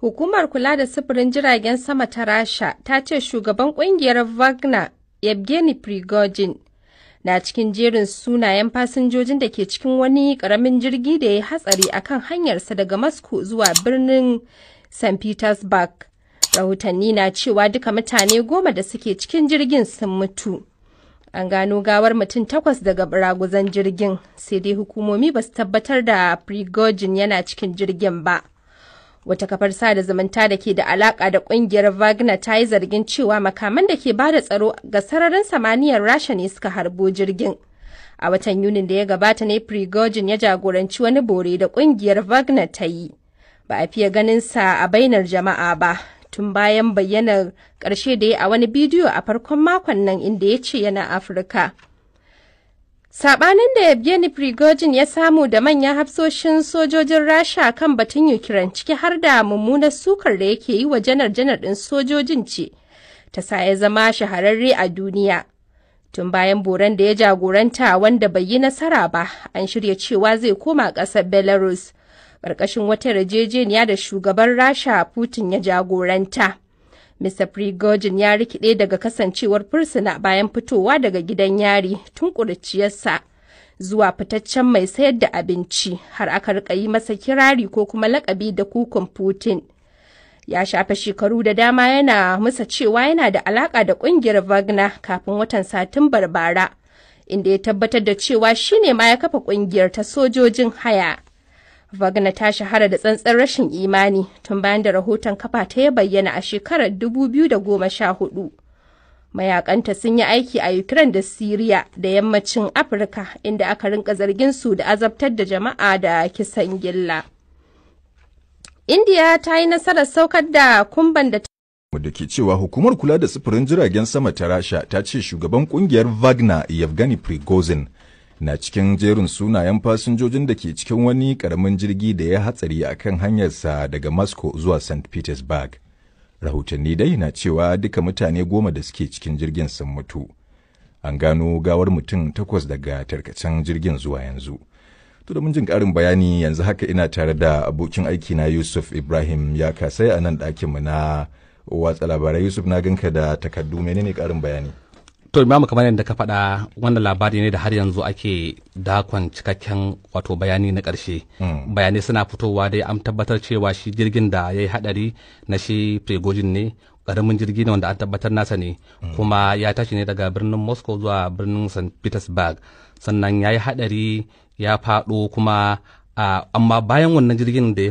Hukumar kula da sufurin jiragen sama ta Rasha ta ce shugaban kungiyar Wagner Yevgeny Prigozhin na cikin jerin sunayen fasinjojin da ke cikin wani karamin jirgi da ya yi hatsari akan hanyarsa daga Moscow zuwa birnin St. Petersburg. Rahotanni na cewa duka mutane goma da suke cikin jirgin sun mutu. An gano gawar mutum takwas daga raguzan jirgin, sai dai hukumomi ba su tabbatar da Prigozhin yana cikin jirgin ba. wata kafar sada zumunta da ke da alaka da kungiyar wagner ta yi zargin cewa makaman da ke bada tsaro ga sararin samaniyar rasha ne suka harbo jirgin a watan yunin da ya gabata ne prigozhin ya jagoranci wani bore da kungiyar wagner ta yi ba a fiye ganin sa a bainar jama'a ba tun bayan bayyanar ƙarshe da ya a wani bidiyo a farkon makon nan inda ya ce yana afirka Sabanin da Yevgeny Prigozhin ya samu da manyan hafsoshin sojojin Rasha kan batun Ukraine ciki har da mummunar sukar da yake yi wa janar-janar ɗin sojojin ce, ta sa ya zama shahararre a duniya. Tun bayan boran da ya jagoranta wanda bai yi nasara ba, an shirya cewa zai koma ƙasar Belarus, ƙarƙashin wata yarjejeniya da shugaban Rasha Putin ya jagoranta. Mr. Prigogine ya rikide daga kasancewar fursuna bayan fitowa daga gidan yari tun ƙuriciyarsa zuwa fitaccen mai sayar da abinci har aka rika yi masa kirari ko kuma lakabi da kukun Putin. Ya shafe shekaru da dama yana musa cewa yana da alaƙa da ƙungiyar Wagner kafin watan Satumbar bara, inda ya tabbatar da cewa shi ne ma ya kafa ƙungiyar ta sojojin haya. Wagner ta shahara da tsantsan rashin imani tun bayan da rahoton kafa ta ya bayyana a shekarar 2014. Mayakanta sun yi aiki a Ukraine da syria da yammacin Afirka inda aka rinka zargin su da azabtar da jama'a da kisan gilla. india ta yi nasarar saukar da kumban da da ke cewa hukumar kula da sufurin jiragen sama ta rasha ta ce shugaban kungiyar wagner yevgeny prigozhin na cikin jerin sunayen fasinjojin da ke cikin wani ƙaramin jirgi da ya hatsari a kan hanyarsa daga Moscow zuwa St. Petersburg. Rahotanni dai na cewa duka mutane goma da suke cikin jirgin sun mutu. An gano gawar mutum takwas daga tarkacen jirgin zuwa yanzu. To da mun jin ƙarin bayani yanzu haka ina tare da abokin aiki na Yusuf Ibrahim ya kasai a nan ɗakinmu na watsa labarai Yusuf na ganka da takardu menene ƙarin bayani? to imamu kamar yadda ka faɗa wannan labari ne da har yanzu ake dakon cikakken wato bayani na ƙarshe hmm. bayanai suna fitowa dai an tabbatar cewa shi jirgin da ya yi haɗari na shi prigojin ne ƙaramin jirgi ne wanda an tabbatar nasa ne hmm. kuma ya tashi ne daga birnin moscow zuwa birnin st petersburg sannan ya yi haɗari ya faɗo kuma amma bayan wannan jirgin da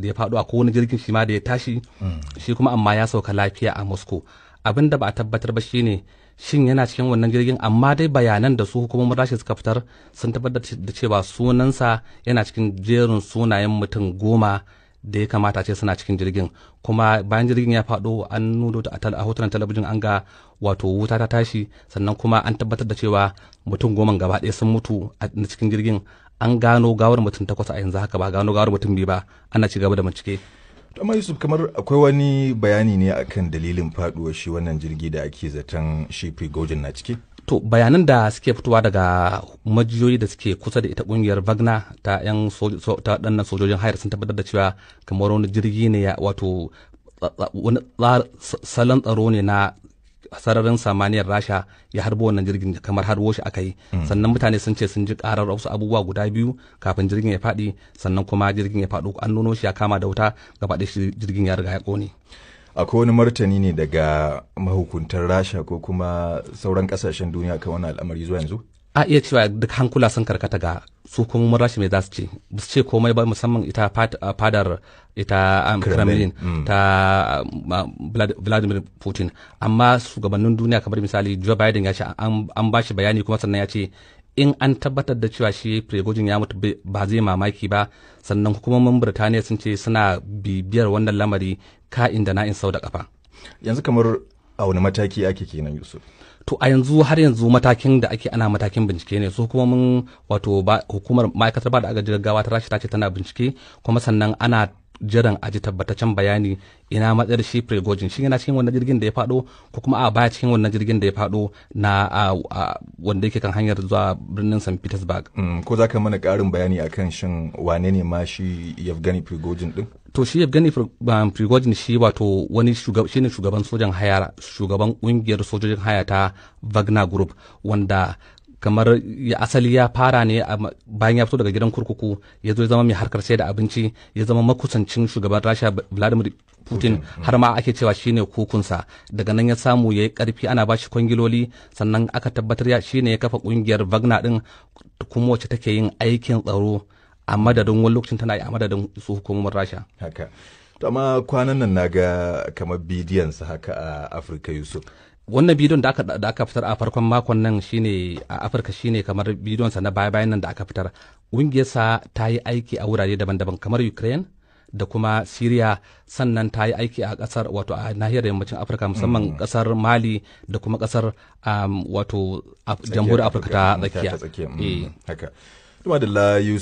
ya faɗo a wani jirgin shi ma da ya tashi hmm. shi kuma amma ya sauka lafiya a moscow abin da ba a tabbatar ba shine shin yana cikin wannan jirgin amma dai bayanan da su hukumomin rasha suka fitar sun tabbatar da cewa sunansa yana cikin jerin sunayen mutum goma da ya kamata ce suna cikin jirgin kuma bayan jirgin ya faɗo an nuno a hotunan talabijin an ga wato wuta ta tashi sannan kuma an tabbatar da cewa mutum goma gaba ɗaya sun mutu a cikin jirgin an gano gawar mutum takwas a yanzu haka ba gano gawar mutum biyu ba ana ci gaba da bincike amma Yusuf kamar akwai wani bayani ne akan dalilin faduwar shi wannan jirgi da ake zaton shi Prigozhin na ciki? To bayanan da suke fitowa daga majiyoyi da suke kusa da ita kungiyar Wagner ta yan ta sojojin hayar sun tabbatar da cewa kamar wani jirgi ne ya wato salon tsaro ne na sararin samaniyar rasha ya harbo wannan jirgin kamar harbo shi aka yi mm. sannan mutane sun ce sun ji karar wasu abubuwa guda biyu kafin jirgin ya faɗi sannan kuma jirgin ya faɗo an nuno shi ya kama da wuta gaba shi jirgin ya riga ya kone. akwai wani martani ne daga mahukuntar rasha ko kuma sauran kasashen duniya kan wannan al'amari zuwa yanzu a iya cewa duk hankula sun karkata ga su kuma mun rashi mai za su ce su ce komai ba musamman ita fadar ita um, kremlin hmm. ta um, um, vladimir putin amma shugabannin duniya kamar misali joe biden ya ce an ba shi bayani kuma sannan ya ce in an tabbatar da cewa shi prigozhin ya mutu ba zai mamaki ba sannan hukumomin birtaniya sun ce suna bibiyar wannan lamari ka inda na in sau da kafa yanzu kamar a wani mataki ake kenan yusuf to a yanzu har yanzu matakin da ake ana matakin bincike ne su kuma mun wato hukumar ma'aikatar ba da agajin gaggawa ta rashi ta ce tana bincike kuma sannan ana jiran aji tabbataccen bayani ina matsayar shi prigojin shi yana cikin wannan jirgin da ya fado ko kuma a baya cikin wannan jirgin da ya fado na wanda yake kan hanyar zuwa birnin st petersburg mm, ko za ka mana karin bayani akan shin wane ne ma shi yevgeny prigojin din to shi yabgani Prigozhin shi wato wani shine shugaban sojan haya shugaban kungiyar sojojin haya ta Wagner Group wanda kamar ya asali ya fara ne bayan ya fito daga gidan kurkuku ya zo ya zama mai harkar sai da abinci ya zama makusancin shugaban rasha vladimir putin mm. har ma ake cewa shine kukunsa daga nan ya samu ya yi karfi ana bashi kwangiloli sannan aka tabbatar ya shine ya kafa kungiyar wagner din kuma wacce take yin aikin tsaro a madadin wani lokacin tana yi a madadin su hukumomin rasha haka tama kwanan nan na ga kamar bidiyon su haka a afirka yusuf wannan bidiyon da aka fitar a farkon makon nan shine a afirka shine kamar bidiyon sa na baya bayan nan da aka fitar sa ta yi aiki a wurare daban-daban kamar ukraine da kuma syria sannan ta yi aiki a kasar wato a nahiyar yammacin Afirka musamman kasar mm. Mali da kuma kasar wato jamhuriyar Afirka ta tsakiya. Mm. Eh. Haka. Duma da